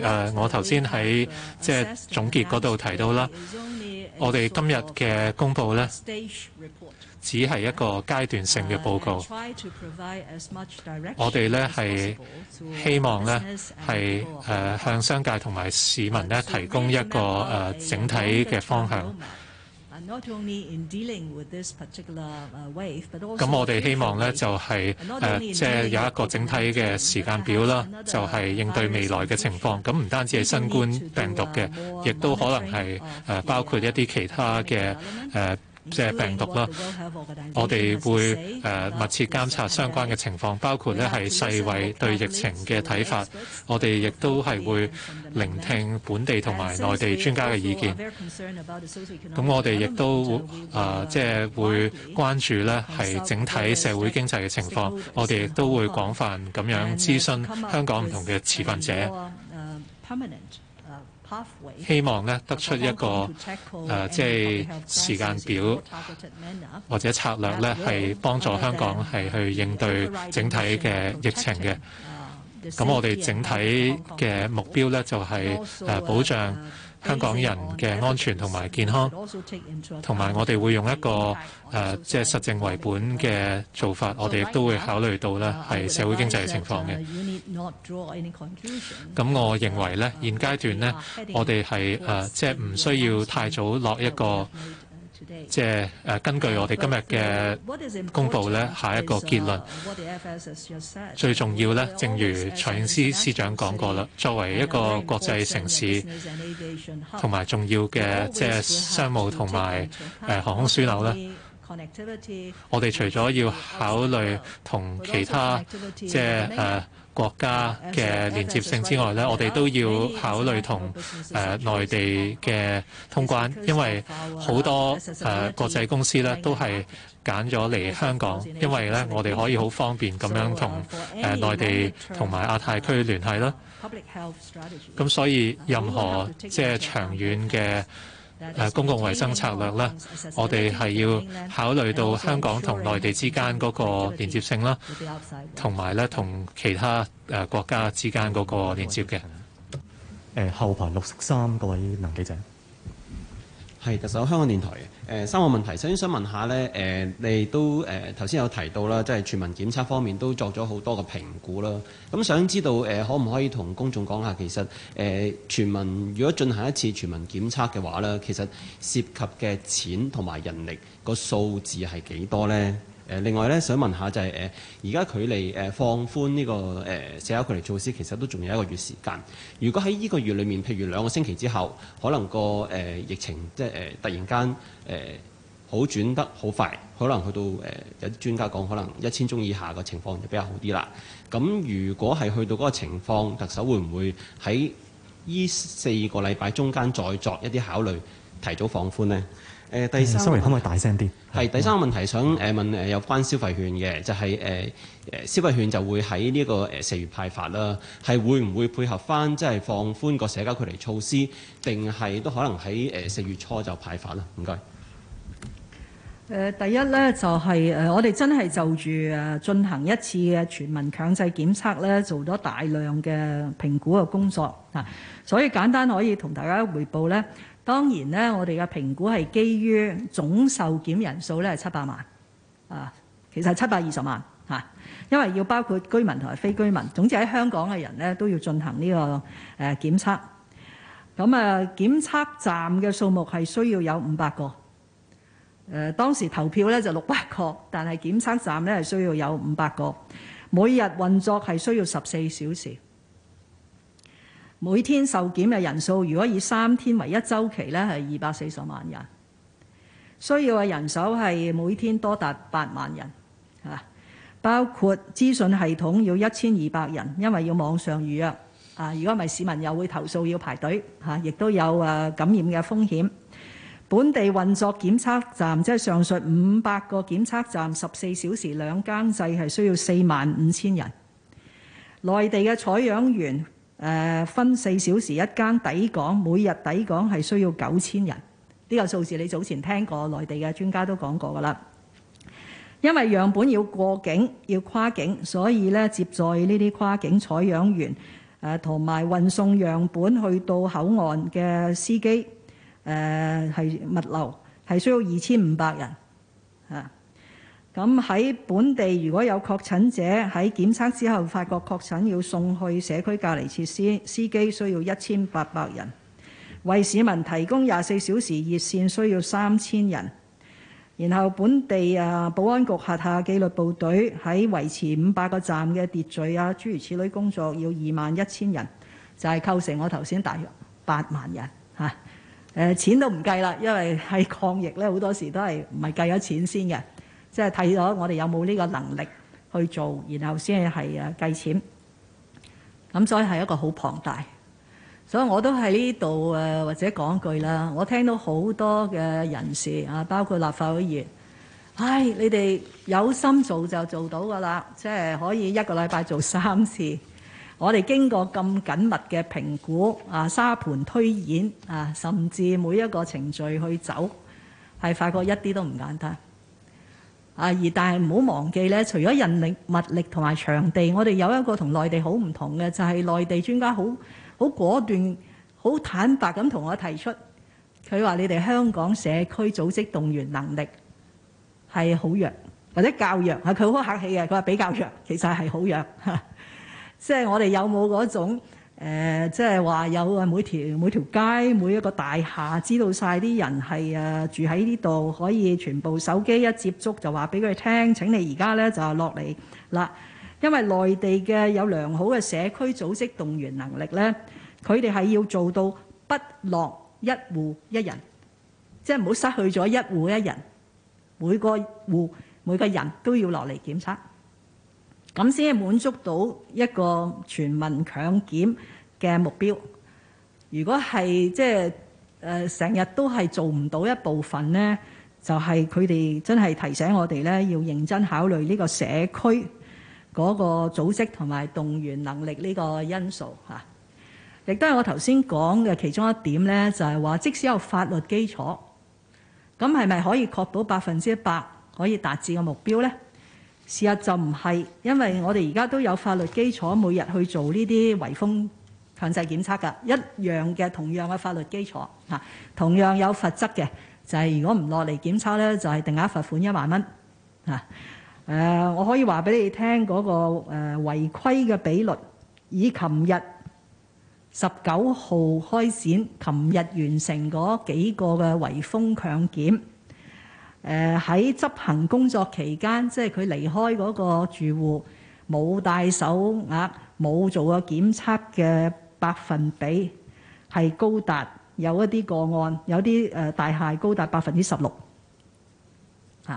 誒，我頭先喺即係總結嗰度提到啦，我哋今日嘅公佈呢，只係一個階段性嘅報告。我哋呢係希望呢係誒向商界同埋市民呢提供一個誒整體嘅方向。Not only in dealing with this particular wave, but also. 咁我哋希望咧就係、是、誒，即係、uh, 有一個整體嘅時間表啦，就係應對未來嘅情況。咁唔、uh, 嗯、單止係新冠病毒嘅，亦、啊、都可能係誒，the, uh, 包括一啲其他嘅誒。Uh, 即係病毒啦，我哋會誒密切監察相關嘅情況，包括呢係世衞對疫情嘅睇法，我哋亦都係會聆聽本地同埋內地專家嘅意見。咁我哋亦都誒即係會關注呢係整體社會經濟嘅情況，我哋亦都會廣泛咁樣諮詢香港唔同嘅持份者。希望呢得出一個誒即係時間表或者策略呢，係幫助香港係去應對整體嘅疫情嘅。咁我哋整體嘅目標呢，就係誒保障。香港人嘅安全同埋健康，同埋我哋會用一個誒、啊、即係實證為本嘅做法，我哋亦都會考慮到咧，係社會經濟嘅情況嘅。咁我認為咧，現階段咧，我哋係誒即係唔需要太早落一個。即係、啊、根據我哋今日嘅公佈呢，下一個結論最重要呢，正如財政司司長講過啦，作為一個國際城市同埋重要嘅即係商務同埋誒航空樞紐呢，我哋除咗要考慮同其他即係誒。啊國家嘅連接性之外呢，我哋都要考慮同誒內地嘅通關，因為好多誒國際公司呢都係揀咗嚟香港，因為呢我哋可以好方便咁樣同誒內地同埋亞太區聯繫啦。咁所以任何即係長遠嘅。誒公共衛生策略啦，我哋係要考慮到香港同內地之間嗰個連接性啦，同埋咧同其他誒國家之間嗰個連接嘅。誒後排六十三嗰位能記者，係特首香港電台。誒三個問題，首先想問下呢、呃，你都誒頭先有提到啦，即係全民檢測方面都作咗好多個評估啦。咁想知道誒、呃，可唔可以同公眾講下，其實誒、呃、全民如果進行一次全民檢測嘅話呢，其實涉及嘅錢同埋人力個數字係幾多呢？誒另外咧，想問下就係誒，而家距離誒放寬呢個誒社交距離措施，其實都仲有一個月時間。如果喺呢個月裡面，譬如兩個星期之後，可能個誒疫情即係誒突然間誒好轉得好快，可能去到誒有啲專家講，可能一千宗以下嘅情況就比較好啲啦。咁如果係去到嗰個情況，特首會唔會喺呢四個禮拜中間再作一啲考慮？提早放寬呢？誒第三，稍微可唔可以大聲啲？係第三個問題，想誒問誒有關消費券嘅、就係，就係誒誒消費券就會喺呢個誒四月派發啦。係會唔會配合翻即係放寬個社交距離措施，定係都可能喺誒四月初就派發啦？唔該。誒、呃、第一咧就係、係、誒、呃、我哋真係就住誒進行一次嘅全民強制檢測咧，做咗大量嘅評估嘅工作啊，所以簡單可以同大家回報咧。當然咧，我哋嘅評估係基於總受檢人數咧係七百萬，啊，其實係七百二十萬嚇，因為要包括居民同埋非居民。總之喺香港嘅人咧都要進行呢個誒檢測。咁啊，檢測站嘅數目係需要有五百個。誒，當時投票咧就六百個，但係檢測站咧係需要有五百個，每日運作係需要十四小時。每天受檢嘅人數，如果以三天為一週期咧，係二百四十萬人，需要嘅人手係每天多達八萬人，嚇，包括資訊系統要一千二百人，因為要網上預約，啊，如果唔係市民又會投訴要排隊，嚇，亦都有誒感染嘅風險。本地運作檢測站，即係上述五百個檢測站，十四小時兩更制，係需要四萬五千人。內地嘅採樣員。誒分四小時一間抵港，每日抵港係需要九千人。呢個數字，你早前聽過內地嘅專家都講過㗎啦。因為樣本要過境要跨境，所以咧接載呢啲跨境採樣員誒同埋運送樣本去到口岸嘅司機誒係物流係需要二千五百人啊。咁喺本地，如果有確診者喺檢測之後，發覺確診要送去社區隔離設施，司機需要一千八百人；為市民提供廿四小時熱線需要三千人。然後本地啊，保安局轄下紀律部隊喺維持五百個站嘅秩序啊，諸如此類工作要二萬一千人，就係、是、構成我頭先大約八萬人，啊，錢都唔計啦，因為係抗疫咧，好多時都係唔係計咗錢先嘅。即係睇咗我哋有冇呢個能力去做，然後先係計錢。咁所以係一個好龐大，所以我都喺呢度或者講句啦，我聽到好多嘅人士啊，包括立法會議員，唉，你哋有心做就做到㗎啦，即係可以一個禮拜做三次。我哋經過咁緊密嘅評估啊、沙盤推演啊，甚至每一個程序去走，係發覺一啲都唔簡單。啊！而但係唔好忘記咧，除咗人力、物力同埋場地，我哋有一個同內地好唔同嘅，就係內地專家好好果斷、好坦白咁同我提出，佢話你哋香港社區組織動員能力係好弱，或者較弱。啊，佢好客氣嘅，佢話比較弱，其實係好弱。即 係我哋有冇嗰種？誒，即係話有啊，每條每條街，每一個大廈，知道曬啲人係誒住喺呢度，可以全部手機一接觸就話俾佢聽。請你而家咧就落嚟啦，因為內地嘅有良好嘅社區組織動員能力咧，佢哋係要做到不落一戶一人，即係唔好失去咗一戶一人，每個戶每個人都要落嚟檢測。咁先係滿足到一個全民強檢嘅目標。如果係即係誒成日都係做唔到一部分咧，就係佢哋真係提醒我哋咧，要認真考慮呢個社區嗰個組織同埋動員能力呢個因素嚇。亦都係我頭先講嘅其中一點咧，就係話即使有法律基礎，咁係咪可以確保百分之一百可以達至嘅目標咧？事實就唔係，因為我哋而家都有法律基礎，每日去做呢啲圍封強制檢測㗎，一樣嘅同樣嘅法律基礎嚇、啊，同樣有罰則嘅，就係、是、如果唔落嚟檢測呢，就係、是、定額罰款一萬蚊嚇。誒、啊，我可以話俾你聽嗰個誒違規嘅比率，以琴日十九號開展、琴日完成嗰幾個嘅圍封強檢。誒、呃、喺執行工作期間，即係佢離開嗰個住戶，冇帶手額，冇做過檢測嘅百分比係高達有一啲個案，有啲誒大廈高達百分之十六嚇。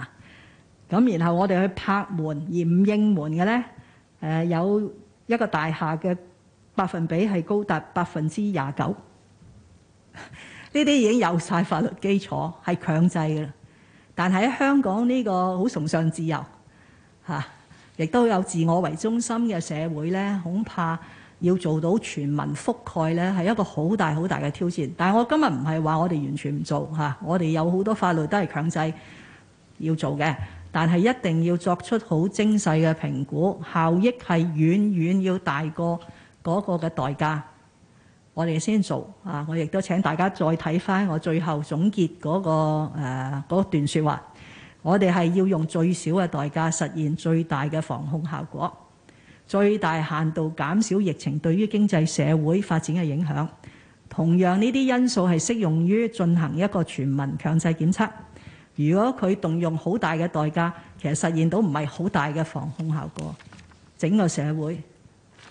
咁、啊、然後我哋去拍門驗應門嘅咧，誒、呃、有一個大廈嘅百分比係高達百分之廿九。呢啲已經有晒法律基礎，係強制嘅啦。但喺香港呢個好崇尚自由嚇，啊、亦都有自我為中心嘅社會咧，恐怕要做到全民覆蓋咧，係一個好大好大嘅挑戰。但係我今日唔係話我哋完全唔做、啊、我哋有好多法律都係強制要做嘅，但係一定要作出好精細嘅評估，效益係遠遠要大過嗰個嘅代價。我哋先做啊！我亦都請大家再睇翻我最後總結嗰個誒嗰段説話。我哋係要用最少嘅代價實現最大嘅防控效果，最大限度減少疫情對於經濟社會發展嘅影響。同樣呢啲因素係適用於進行一個全民強制檢測。如果佢動用好大嘅代價，其實實現到唔係好大嘅防控效果，整個社會。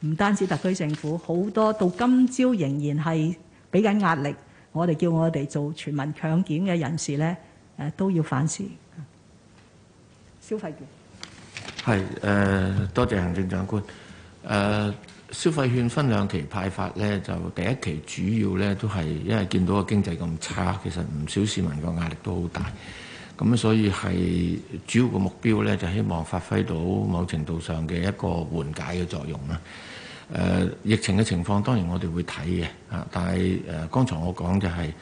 唔單止特區政府，好多到今朝仍然係俾緊壓力。我哋叫我哋做全民強檢嘅人士呢、呃、都要反思。消費券係、呃、多謝行政長官、呃、消費券分兩期派發呢，就第一期主要呢都係因為見到個經濟咁差，其實唔少市民個壓力都好大。咁所以係主要個目標呢，就希望發揮到某程度上嘅一個緩解嘅作用啦。誒、啊、疫情嘅情況，當然我哋會睇嘅啊。但係誒、啊，剛才我講嘅係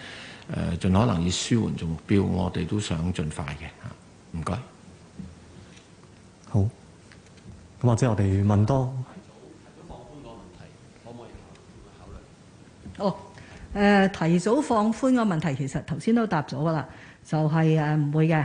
誒，盡可能以舒緩做目標，我哋都想盡快嘅嚇。唔、啊、該。好咁，那或者我哋問多。提早放寬個問題，可唔可以考慮？哦，誒，提早放寬個問、哦呃、問題，其實頭先都答咗㗎啦，就係誒唔會嘅。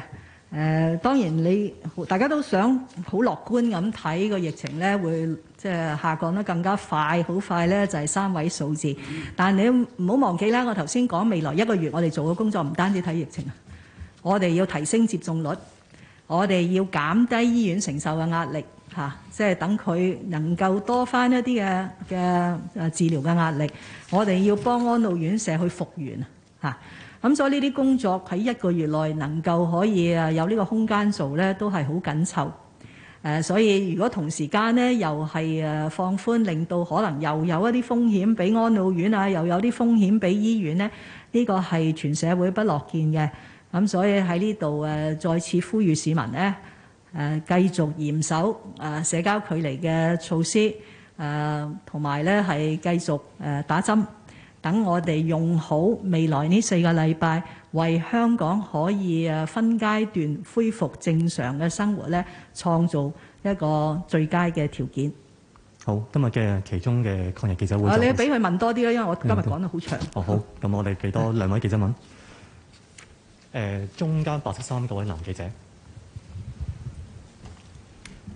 誒、呃、當然你大家都想好樂觀咁睇個疫情呢，會即係下降得更加快，好快呢，就係三位數字。但係你唔好忘記啦，我頭先講未來一個月我哋做嘅工作，唔單止睇疫情啊，我哋要提升接種率，我哋要減低醫院承受嘅壓力、啊、即係等佢能夠多返一啲嘅嘅誒治療嘅壓力，我哋要幫安老院舍去復原、啊。咁所以呢啲工作喺一個月內能夠可以啊有呢個空間做呢，都係好緊湊。誒，所以如果同時間呢，又係誒放寬，令到可能又有一啲風險俾安老院啊，又有啲風險俾醫院呢，呢個係全社會不樂見嘅。咁所以喺呢度誒，再次呼籲市民呢，誒，繼續嚴守誒社交距離嘅措施，誒同埋呢係繼續誒打針。等我哋用好未來呢四個禮拜，為香港可以誒分階段恢復正常嘅生活咧，創造一個最佳嘅條件。好，今日嘅其中嘅抗疫記者會。啊，你俾佢問多啲啦，因為我今日講得好長，嗯嗯嗯。哦，好，咁我哋俾多兩位記者問。誒，中間白色衫嗰位男記者。誒、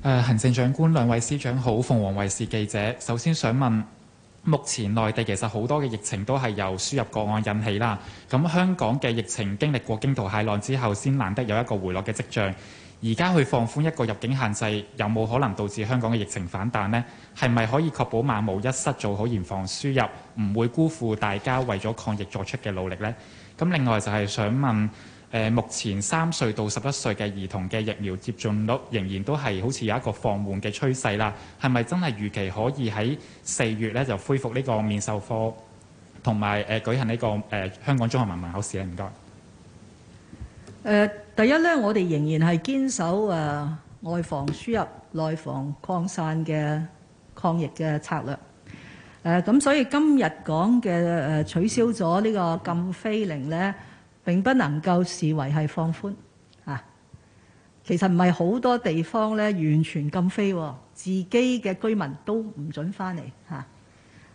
呃，行政長官兩位司長好，鳳凰衛視記者，首先想問。目前內地其實好多嘅疫情都係由輸入個案引起啦。咁香港嘅疫情經歷過驚濤駭浪之後，先難得有一個回落嘅跡象。而家去放寬一個入境限制，有冇可能導致香港嘅疫情反彈呢？係咪可以確保萬無一失做好嚴防輸入，唔會辜負大家為咗抗疫作出嘅努力呢？咁另外就係想問。目前三歲到十一歲嘅兒童嘅疫苗接種率仍然都係好似有一個放緩嘅趨勢啦，係咪真係預期可以喺四月咧就恢復呢個面授課同埋誒舉行呢個誒香港中學文憑考試咧？唔該。誒、呃、第一咧，我哋仍然係堅守誒、呃、外防輸入、內防擴散嘅抗疫嘅策略。誒、呃、咁所以今日講嘅誒取消咗呢個禁飛令咧，並不能夠視為係放寬啊！其實唔係好多地方咧，完全禁飛，自己嘅居民都唔准翻嚟嚇，係、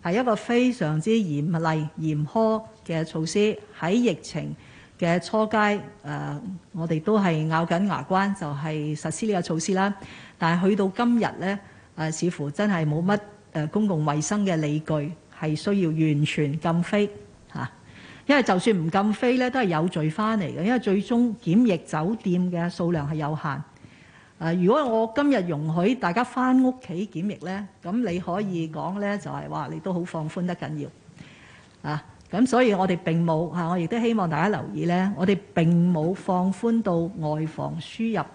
啊、一個非常之嚴厲嚴苛嘅措施。喺疫情嘅初階，誒、啊、我哋都係咬緊牙關，就係、是、實施呢個措施啦。但係去到今日咧，誒、啊、似乎真係冇乜誒公共衞生嘅理據係需要完全禁飛。因為就算唔禁飛咧，都係有序翻嚟嘅。因為最終檢疫酒店嘅數量係有限。誒，如果我今日容許大家翻屋企檢疫咧，咁你可以講咧、就係，就係話你都好放寬得緊要。啊，咁所以我哋並冇嚇，我亦都希望大家留意咧，我哋並冇放寬到外防輸入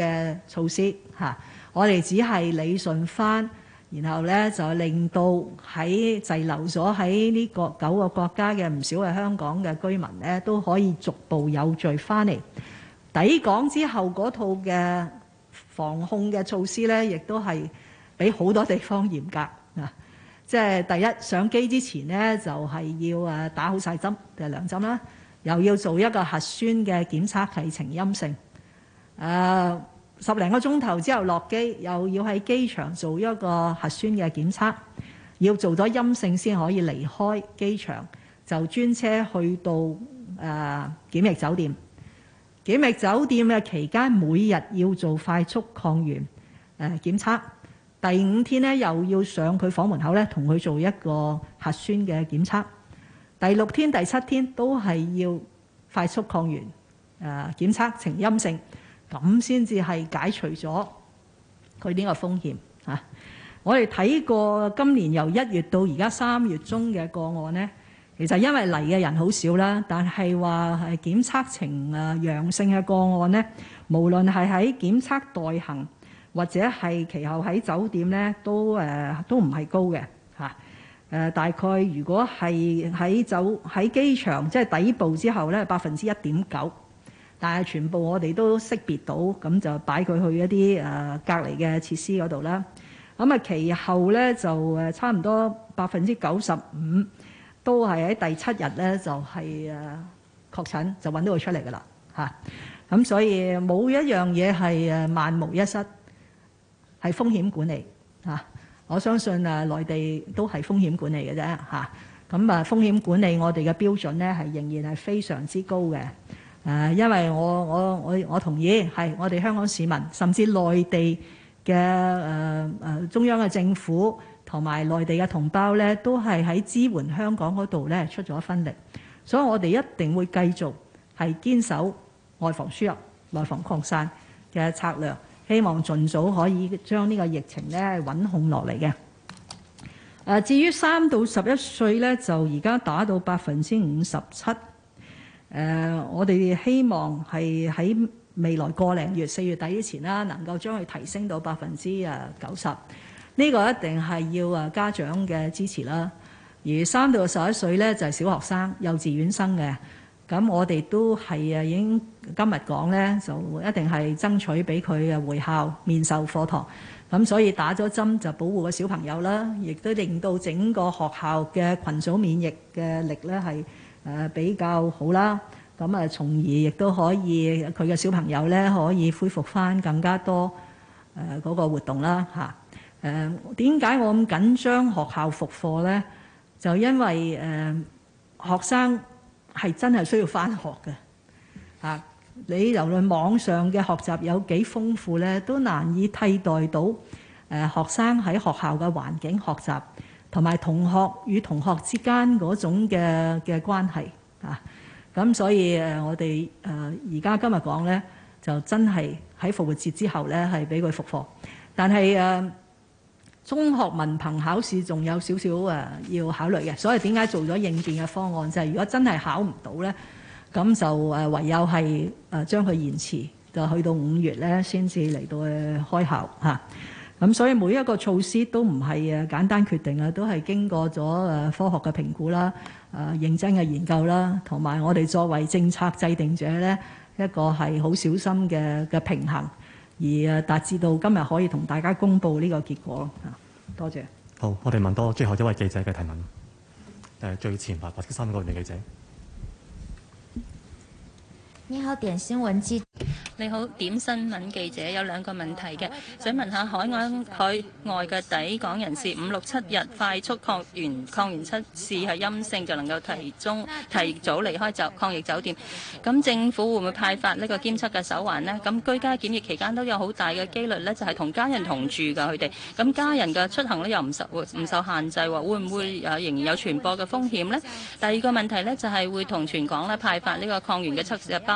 嘅措施嚇、啊。我哋只係理順翻。然後咧，就令到喺滯留咗喺呢個九個國家嘅唔少嘅香港嘅居民咧，都可以逐步有序翻嚟。抵港之後嗰套嘅防控嘅措施咧，亦都係比好多地方嚴格啊！即係第一，上機之前呢，就係、是、要打好晒針兩、就是、針啦，又要做一個核酸嘅檢測係呈陰性，啊十零個鐘頭之後落機，又要喺機場做一個核酸嘅檢測，要做咗陰性先可以離開機場，就專車去到誒、啊、檢疫酒店。檢疫酒店嘅期間，每日要做快速抗原誒、啊、檢測。第五天呢，又要上佢房門口咧，同佢做一個核酸嘅檢測。第六天、第七天都係要快速抗原誒、啊、檢測呈陰性。咁先至係解除咗佢呢個風險嚇。我哋睇過今年由一月到而家三月中嘅個案呢，其實因為嚟嘅人好少啦，但係話係檢測呈啊陽性嘅個案呢，無論係喺檢測代行或者係其後喺酒店呢，都誒都唔係高嘅嚇。誒，大概如果係喺酒喺機場即係底部之後呢，百分之一點九。但係，全部我哋都識別到，咁就擺佢去一啲、啊、隔離嘅設施嗰度啦。咁啊，其後咧就差唔多百分之九十五都係喺第七日咧就係、誒、確診就，就搵到佢出嚟噶啦嚇。咁所以冇一樣嘢係誒萬無一失，係風險管理吓、啊、我相信誒、啊、內地都係風險管理嘅啫嚇。咁啊，風險管理我哋嘅標準咧係仍然係非常之高嘅。誒，因為我我我我同意，係我哋香港市民，甚至內地嘅、呃、中央嘅政府同埋內地嘅同胞咧，都係喺支援香港嗰度咧出咗一分力，所以我哋一定會繼續係堅守外防輸入、內防擴散嘅策略，希望盡早可以將呢個疫情咧穩控落嚟嘅。誒，至於三到十一歲咧，就而家打到百分之五十七。誒、呃，我哋希望係喺未來個零月四月底之前啦，能夠將佢提升到百分之誒九十。呢、這個一定係要誒家長嘅支持啦。而三到十一歲呢，就係、是、小學生、幼稚園生嘅，咁我哋都係誒已經今日講呢，就一定係爭取俾佢嘅回校面授課堂。咁所以打咗針就保護個小朋友啦，亦都令到整個學校嘅群組免疫嘅力呢係。是誒比較好啦，咁啊，從而亦都可以佢嘅小朋友咧，可以恢復返更加多誒嗰個活動啦嚇。誒點解我咁緊張學校復課咧？就因為誒學生係真係需要返學嘅嚇。你無論網上嘅學習有幾豐富咧，都難以替代到誒學生喺學校嘅環境學習。同埋同學與同學之間嗰種嘅嘅關係啊，咁所以誒，我哋誒而家今日講呢，就真係喺復活節之後呢，係俾佢復課。但係誒，中學文憑考試仲有少少誒要考慮嘅，所以點解做咗應變嘅方案？就係、是、如果真係考唔到呢，咁就誒唯有係誒將佢延遲，就去到五月呢，先至嚟到開校嚇。咁所以每一個措施都唔係誒簡單決定是啊，都係經過咗誒科學嘅評估啦，誒認真嘅研究啦，同埋我哋作為政策制定者咧，一個係好小心嘅嘅平衡，而誒達至到今日可以同大家公布呢個結果啊。多謝。好，我哋問多最後一位記者嘅提問。誒，最前排或者三個位嘅記者。你好，點新聞記你好，點新聞記者有兩個問題嘅，想問下海外海外嘅抵港人士，五六七日快速抗原抗原測試係陰性就能夠提中提早離開酒抗疫酒店，咁政府會唔會派發呢個檢測嘅手環呢？咁居家檢疫期間都有好大嘅機率咧，就係、是、同家人同住噶，佢哋咁家人嘅出行咧又唔受唔受限制，會唔會仍然有傳播嘅風險咧？第二個問題咧就係會同全港咧派發呢個抗原嘅測試包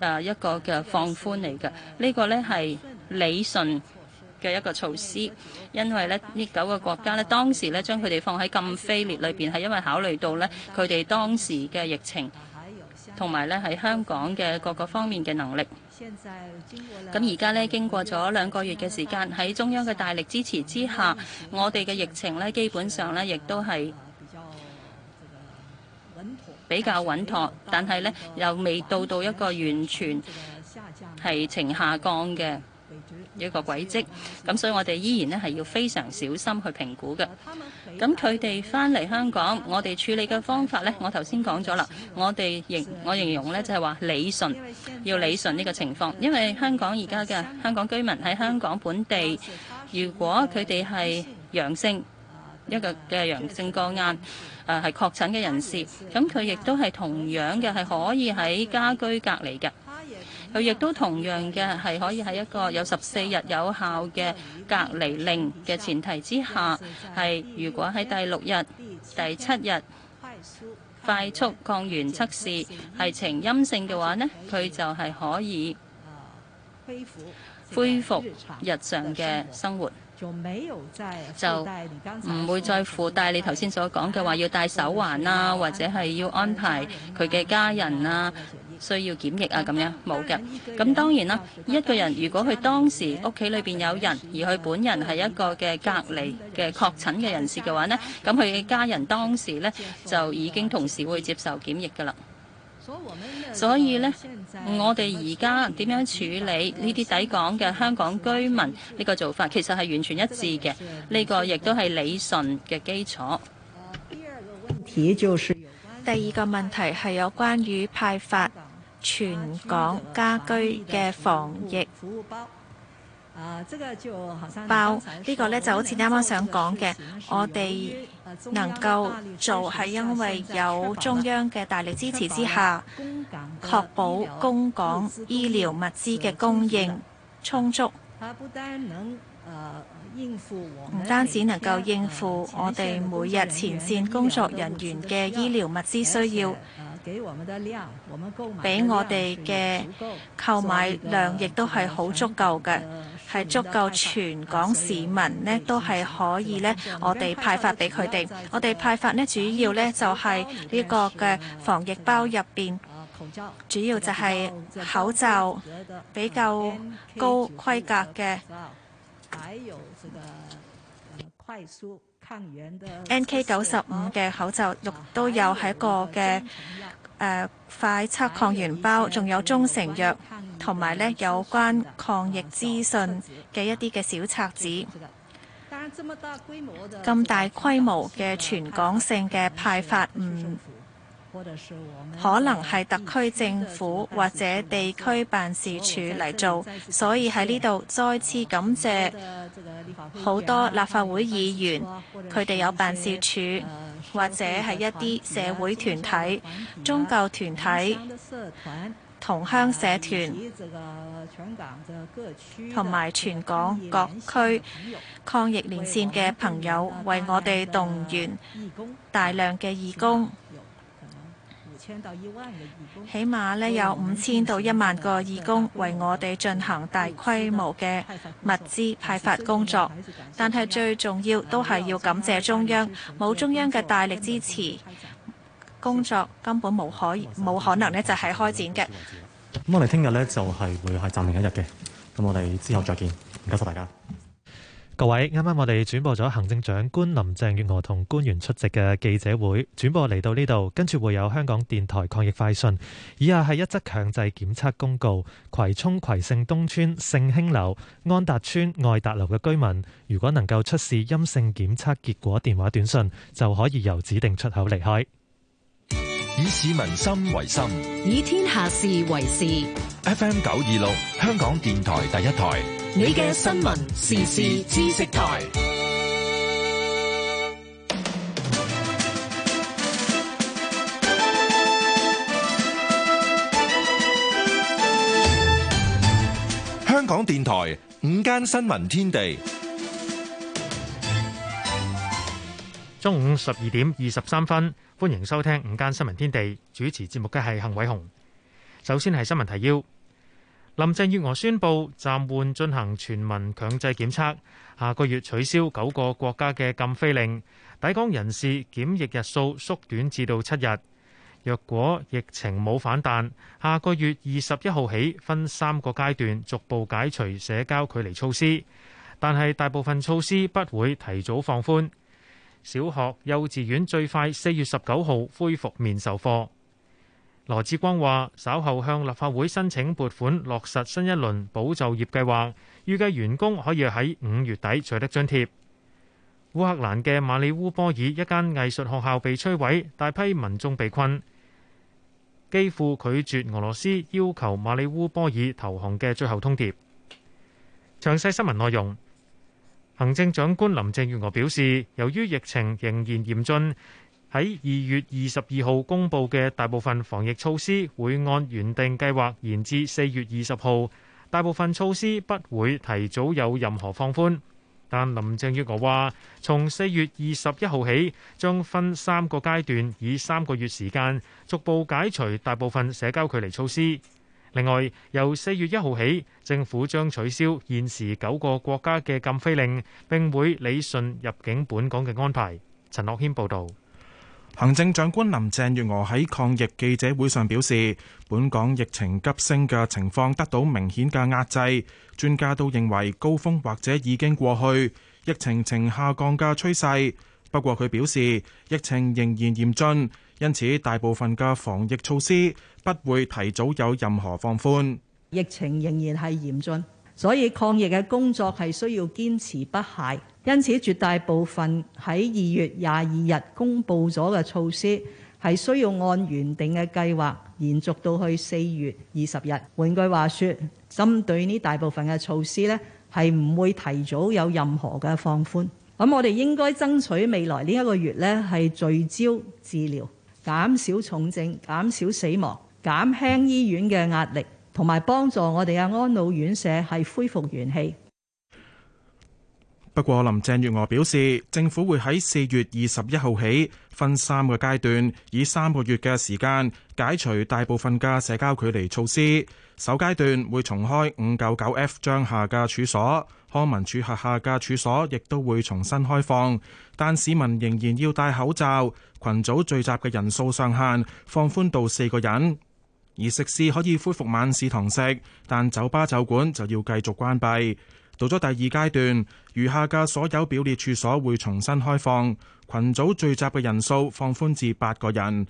誒一個嘅放寬嚟嘅，呢個呢係理順嘅一個措施，因為呢呢九個國家呢當時呢將佢哋放喺禁飛列裏面，係因為考慮到呢佢哋當時嘅疫情，同埋呢喺香港嘅各個方面嘅能力。咁而家呢經過咗兩個月嘅時間，喺中央嘅大力支持之下，我哋嘅疫情呢基本上呢亦都係比較穩妥，但係呢又未到到一個完全係呈下降嘅一個軌跡，咁所以我哋依然呢係要非常小心去評估嘅。咁佢哋返嚟香港，我哋處理嘅方法呢，我頭先講咗啦，我哋形我形容呢就係話理順，要理順呢個情況，因為香港而家嘅香港居民喺香港本地，如果佢哋係陽性一個嘅陽性個案。誒係確診嘅人士，咁佢亦都係同樣嘅，係可以喺家居隔離嘅。佢亦都同樣嘅係可以喺一個有十四日有效嘅隔離令嘅前提之下，係如果喺第六日、第七日快速抗原測試係呈陰性嘅話呢，佢就係可以恢復日常嘅生活。就沒有在，就唔會再附帶你頭先所講嘅話，要戴手環啊，或者係要安排佢嘅家人啊，需要檢疫啊咁樣，冇嘅。咁當然啦，一個人如果佢當時屋企裏邊有人，而佢本人係一個嘅隔離嘅確診嘅人士嘅話呢，咁佢嘅家人當時呢就已經同時會接受檢疫㗎喇。所以呢，我哋而家點樣處理呢啲抵港嘅香港居民呢個做法，其實係完全一致嘅。呢個亦都係理順嘅基礎。第二個問題係有關於派發全港家居嘅防疫服務包。包呢個呢就好似啱啱想講嘅，我哋能夠做係因為有中央嘅大力支持之下，確保供港醫療物資嘅供應充足，唔單止能夠應付我哋每日前線工作人員嘅醫療物資需要。俾我哋嘅購，購買量亦都係好足夠嘅，係足夠全港市民呢都係可以呢。嗯、以我哋派發俾佢哋。我哋派發呢主要呢就係、係、呢個嘅防疫包入邊，主要就係口罩比較高規格嘅。啊這個啊 N.K. 九十五嘅口罩，亦都有喺個嘅誒、啊、快測抗原包，仲有中成藥，同埋呢有關抗疫資訊嘅一啲嘅小冊子。咁大規模嘅全港性嘅派發，唔？可能係特區政府或者地區辦事處嚟做，所以喺呢度再次感謝好多立法會議員，佢哋有辦事處或者係一啲社會團體、宗教團體、同鄉社團、同埋全港各區抗疫連線嘅朋友，為我哋動員大量嘅義工。起碼呢有五千到一萬個義工為我哋進行大規模嘅物資派發工作，但係最重要都係要感謝中央，冇中央嘅大力支持，工作根本冇可冇可能呢就係開展嘅。咁我哋聽日呢，就係會係暫停一日嘅，咁我哋之後再見，唔該晒大家。各位，啱啱我哋轉播咗行政長官林鄭月娥同官員出席嘅記者會，轉播嚟到呢度，跟住會有香港電台抗疫快訊。以下係一則強制檢測公告：葵涌葵盛東村盛興樓、安達村、愛達樓嘅居民，如果能夠出示陰性檢測結果電話短信，就可以由指定出口離開。以市民心為心，以天下事為事。FM 九二六，香港電台第一台。你嘅新聞時事知識台，香港電台午間新聞天地。中午十二點二十三分，歡迎收聽午間新聞天地，主持節目嘅係幸偉雄。首先係新聞提要。林鄭月娥宣布暫緩進行全民強制檢測，下個月取消九個國家嘅禁飛令，抵港人士檢疫日數縮短至到七日。若果疫情冇反彈，下個月二十一號起分三個階段逐步解除社交距離措施，但係大部分措施不會提早放寬。小學、幼稚園最快四月十九號恢復面授課。羅志光話：稍後向立法會申請撥款落實新一輪保就業計劃，預計員工可以喺五月底取得津貼。烏克蘭嘅馬里烏波爾一間藝術學校被摧毀，大批民眾被困。基輔拒絕俄羅斯要求馬里烏波爾投降嘅最後通牒。詳細新聞內容，行政長官林鄭月娥表示，由於疫情仍然嚴峻。喺二月二十二號公佈嘅大部分防疫措施，會按原定計劃延至四月二十號。大部分措施不會提早有任何放寬，但林鄭月娥話：從四月二十一號起，將分三個階段，以三個月時間逐步解除大部分社交距離措施。另外，由四月一號起，政府將取消現時九個國家嘅禁飛令，並會理順入境本港嘅安排。陳樂軒報導。行政長官林鄭月娥喺抗疫記者會上表示，本港疫情急升嘅情況得到明顯嘅壓制，專家都認為高峰或者已經過去，疫情呈下降嘅趨勢。不過佢表示，疫情仍然嚴峻，因此大部分嘅防疫措施不會提早有任何放寬。疫情仍然係嚴峻。所以抗疫嘅工作係需要堅持不懈，因此絕大部分喺二月廿二日公布咗嘅措施係需要按原定嘅計劃延續到去四月二十日。換句話說，針對呢大部分嘅措施咧，係唔會提早有任何嘅放寬，咁我哋應該爭取未來呢一個月咧，係聚焦治療，減少重症，減少死亡，減輕醫院嘅壓力。同埋幫助我哋嘅安老院舍係恢復元氣。不過，林鄭月娥表示，政府會喺四月二十一號起分三個階段，以三個月嘅時間解除大部分嘅社交距離措施。首階段會重開五九九 F 轄下嘅處所，康文署轄下嘅處所亦都會重新開放，但市民仍然要戴口罩，群組聚集嘅人數上限放寬到四個人。而食肆可以恢復晚市堂食，但酒吧酒館就要繼續關閉。到咗第二階段，餘下嘅所有表列處所會重新開放，群組聚集嘅人數放寬至八個人，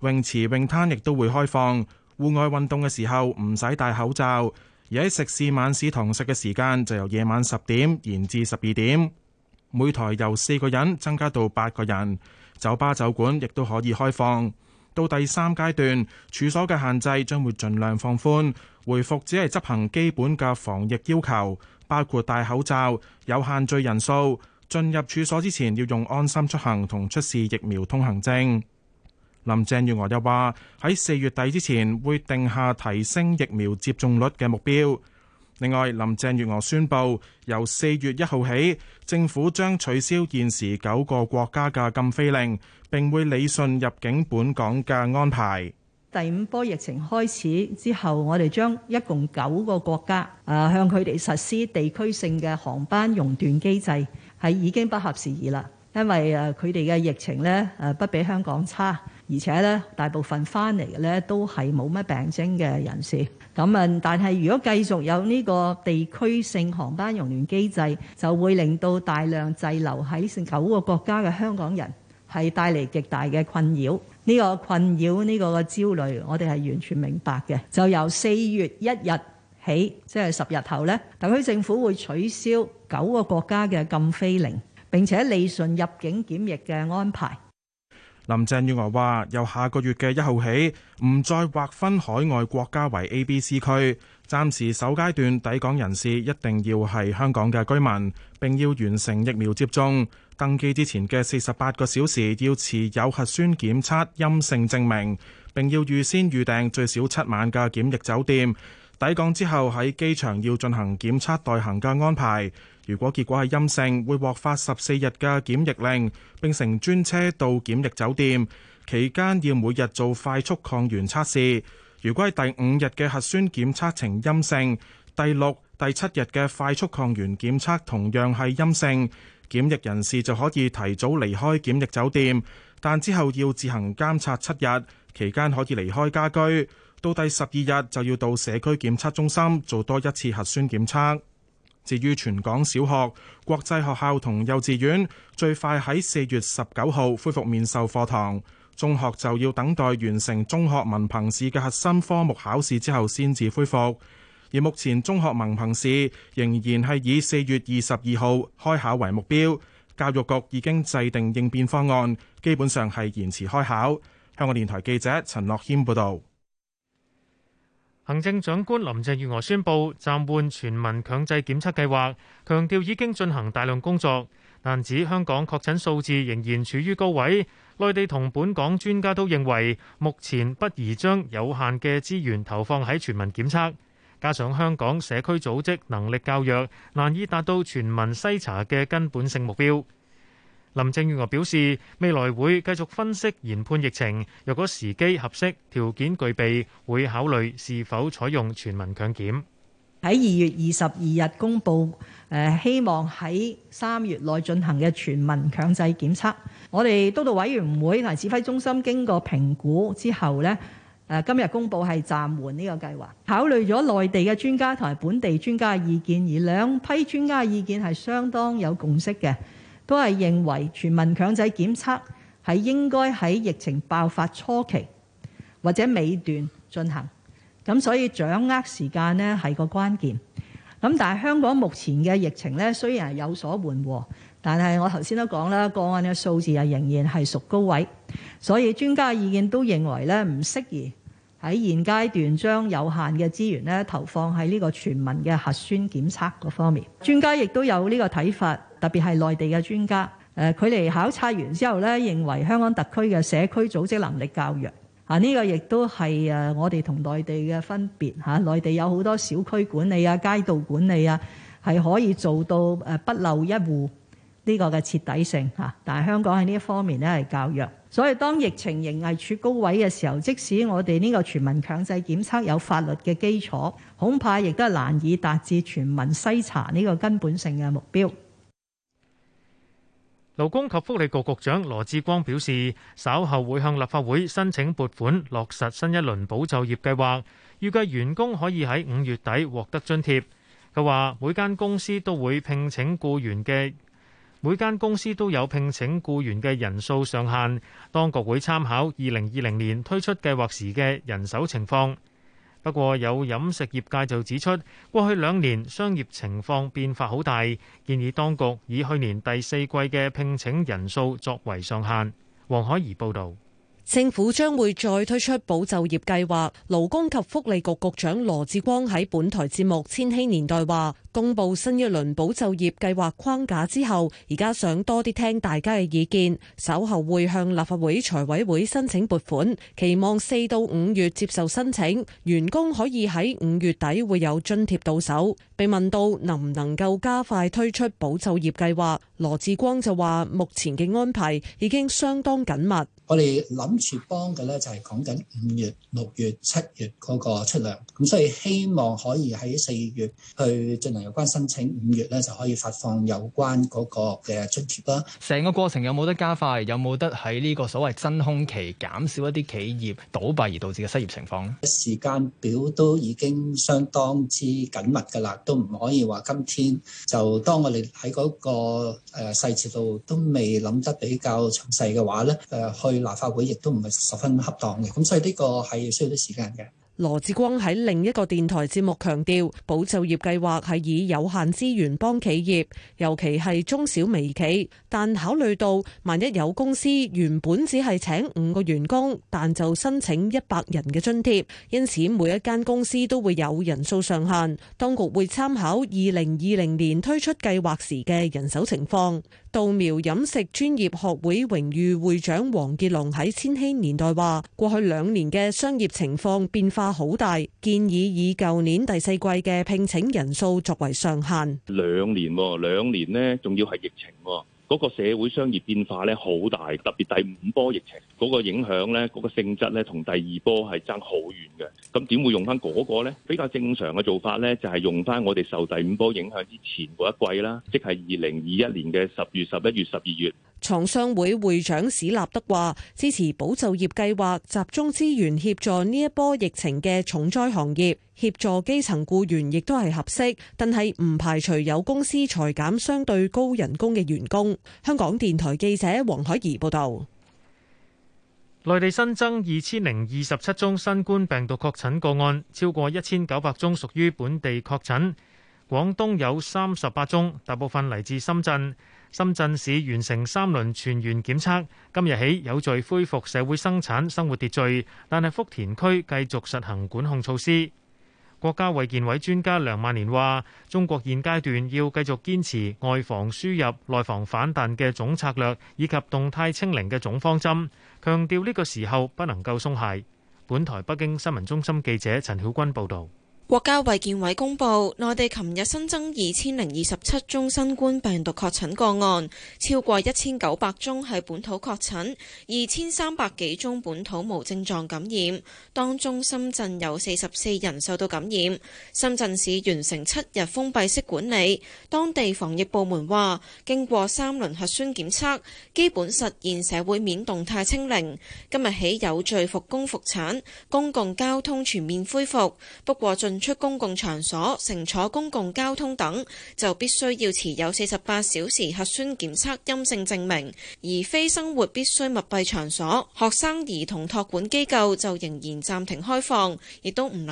泳池、泳灘亦都會開放。戶外運動嘅時候唔使戴口罩，而喺食肆、晚市堂食嘅時間就由夜晚十點延至十二點，每枱由四個人增加到八個人，酒吧酒館亦都可以開放。到第三階段，處所嘅限制將會盡量放寬，回復只係執行基本嘅防疫要求，包括戴口罩、有限聚人數、進入處所之前要用安心出行同出示疫苗通行證。林鄭月娥又話，喺四月底之前會定下提升疫苗接種率嘅目標。另外，林鄭月娥宣布，由四月一號起，政府將取消現時九個國家嘅禁飛令，並會理順入境本港嘅安排。第五波疫情開始之後，我哋將一共九個國家啊，向佢哋實施地區性嘅航班熔斷機制，係已經不合時宜啦。因為誒佢哋嘅疫情咧誒，不比香港差。而且咧，大部分返嚟嘅咧都係冇乜病徵嘅人士。咁啊，但係如果繼續有呢個地區性航班熔斷機制，就會令到大量滯留喺成九個國家嘅香港人係帶嚟極大嘅困擾。呢、這個困擾，呢、這個焦慮，我哋係完全明白嘅。就由四月一日起，即係十日後咧，特區政府會取消九個國家嘅禁飛令，並且理順入境檢疫嘅安排。林鄭月娥話：由下個月嘅一號起，唔再劃分海外國家為 A、B、C 區。暫時首階段抵港人士一定要係香港嘅居民，並要完成疫苗接種。登機之前嘅四十八個小時要持有核酸檢測陰性證明，並要預先預訂最少七晚嘅檢疫酒店。抵港之後喺機場要進行檢測待行嘅安排。如果結果係陰性，會獲發十四日嘅檢疫令，並乘專車到檢疫酒店。期間要每日做快速抗原測試。如果係第五日嘅核酸檢測呈陰性，第六、第七日嘅快速抗原檢測同樣係陰性，檢疫人士就可以提早離開檢疫酒店。但之後要自行監察七日，期間可以離開家居。到第十二日就要到社區檢測中心做多一次核酸檢測。至於全港小學、國際學校同幼稚園，最快喺四月十九號恢復面授課堂；中學就要等待完成中學文憑試嘅核心科目考試之後先至恢復。而目前中學文憑試仍然係以四月二十二號開考為目標，教育局已經制定應變方案，基本上係延遲開考。香港電台記者陳樂軒報道。行政長官林鄭月娥宣布暫緩全民強制檢測計劃，強調已經進行大量工作，但指香港確診數字仍然處於高位。內地同本港專家都認為，目前不宜將有限嘅資源投放喺全民檢測，加上香港社區組織能力較弱，難以達到全民篩查嘅根本性目標。林鄭月娥表示，未來會繼續分析研判疫情，若果時機合適、條件具備，會考慮是否採用全民強檢。喺二月二十二日公布，誒、呃、希望喺三月內進行嘅全民強制檢測，我哋督導委員會同指揮中心經過評估之後咧，誒、呃、今日公布係暫緩呢個計劃。考慮咗內地嘅專家同埋本地專家嘅意見，而兩批專家嘅意見係相當有共識嘅。都係認為全民強制檢測係應該喺疫情爆發初期或者尾段進行，咁所以掌握時間呢係個關鍵。咁但係香港目前嘅疫情呢，雖然係有所緩和，但係我頭先都講啦，個案嘅數字啊仍然係屬高位，所以專家意見都認為呢唔適宜喺現階段將有限嘅資源呢投放喺呢個全民嘅核酸檢測嗰方面。專家亦都有呢個睇法。特別係內地嘅專家，誒佢哋考察完之後咧，認為香港特區嘅社區組織能力較弱啊。呢個亦都係誒我哋同內地嘅分別嚇。內地有好多小區管理啊、街道管理啊，係可以做到誒不漏一戶呢個嘅徹底性嚇。但係香港喺呢一方面咧係較弱，所以當疫情仍係處高位嘅時候，即使我哋呢個全民強制檢測有法律嘅基礎，恐怕亦都係難以達至全民篩查呢個根本性嘅目標。勞工及福利局局長羅志光表示，稍後會向立法會申請撥款落實新一輪保就業計劃，預計員工可以喺五月底獲得津貼。佢話每間公司都會聘請僱員嘅，每間公司都有聘請僱員嘅人數上限，當局會參考二零二零年推出計劃時嘅人手情況。不過，有飲食業界就指出，過去兩年商業情況變化好大，建議當局以去年第四季嘅聘請人數作為上限。黃海怡報導。政府將會再推出保就業計劃，勞工及福利局局長羅志光喺本台節目《千禧年代》話，公布新一輪保就業計劃框架之後，而家想多啲聽大家嘅意見，稍後會向立法會財委會申請撥款，期望四到五月接受申請，員工可以喺五月底會有津貼到手。被問到能唔能夠加快推出保就業計劃，羅志光就話：目前嘅安排已經相當緊密。我哋諗住幫嘅咧，就係講緊五月、六月、七月嗰個出糧，咁所以希望可以喺四月去進行有關申請，五月咧就可以發放有關嗰個嘅津貼啦。成個過程有冇得加快？有冇得喺呢個所謂真空期減少一啲企業倒閉而導致嘅失業情況咧？時間表都已經相當之緊密㗎啦，都唔可以話今天就當我哋喺嗰個誒細節度都未諗得比較詳細嘅話咧，誒去。立法會亦都唔係十分恰當嘅，咁所以呢個係需要啲時間嘅。羅志光喺另一個電台節目強調，保就業計劃係以有限資源幫企業，尤其係中小微企。但考慮到萬一有公司原本只係請五個員工，但就申請一百人嘅津貼，因此每一間公司都會有人數上限。當局會參考二零二零年推出計劃時嘅人手情況。稻苗飲食專業學會榮譽會長黃傑龍喺千禧年代話：過去兩年嘅商業情況變化好大，建議以舊年第四季嘅聘請人數作為上限。兩年喎，兩年，兩年呢，仲要係疫情喎。嗰個社會商業變化咧好大，特別第五波疫情嗰個影響咧，嗰個性質咧同第二波係爭好遠嘅。咁點會用翻嗰個咧？比較正常嘅做法咧，就係用翻我哋受第五波影響之前嗰一季啦，即係二零二一年嘅十月、十一月、十二月。廠商會會長史立德話：支持保就業計劃，集中資源協助呢一波疫情嘅重災行業，協助基層僱員亦都係合適，但係唔排除有公司裁減相對高人工嘅員工。香港電台記者黃海怡報道。內地新增二千零二十七宗新冠病毒確診個案，超過一千九百宗屬於本地確診，廣東有三十八宗，大部分嚟自深圳。深圳市完成三輪全員檢測，今日起有序恢復社會生產生活秩序，但係福田區繼續實行管控措施。國家衛健委專家梁萬年話，中國現階段要繼續堅持外防輸入、內防反彈嘅總策略以及動態清零嘅總方針，強調呢個時候不能夠鬆懈。本台北京新聞中心記者陳曉君報道。國家衛健委公布，內地琴日新增二千零二十七宗新冠病毒確診個案，超過一千九百宗係本土確診，二千三百幾宗本土無症狀感染。當中深圳有四十四人受到感染，深圳市完成七日封閉式管理。當地防疫部門話，經過三輪核酸檢測，基本實現社會面動態清零。今日起有序復工復產，公共交通全面恢復。不過進出公共場所、乘坐公共交通等，就必須要持有四十八小時核酸檢測陰性證明；而非生活必須密閉場所，學生兒童托管機構就仍然暫停開放，亦都唔。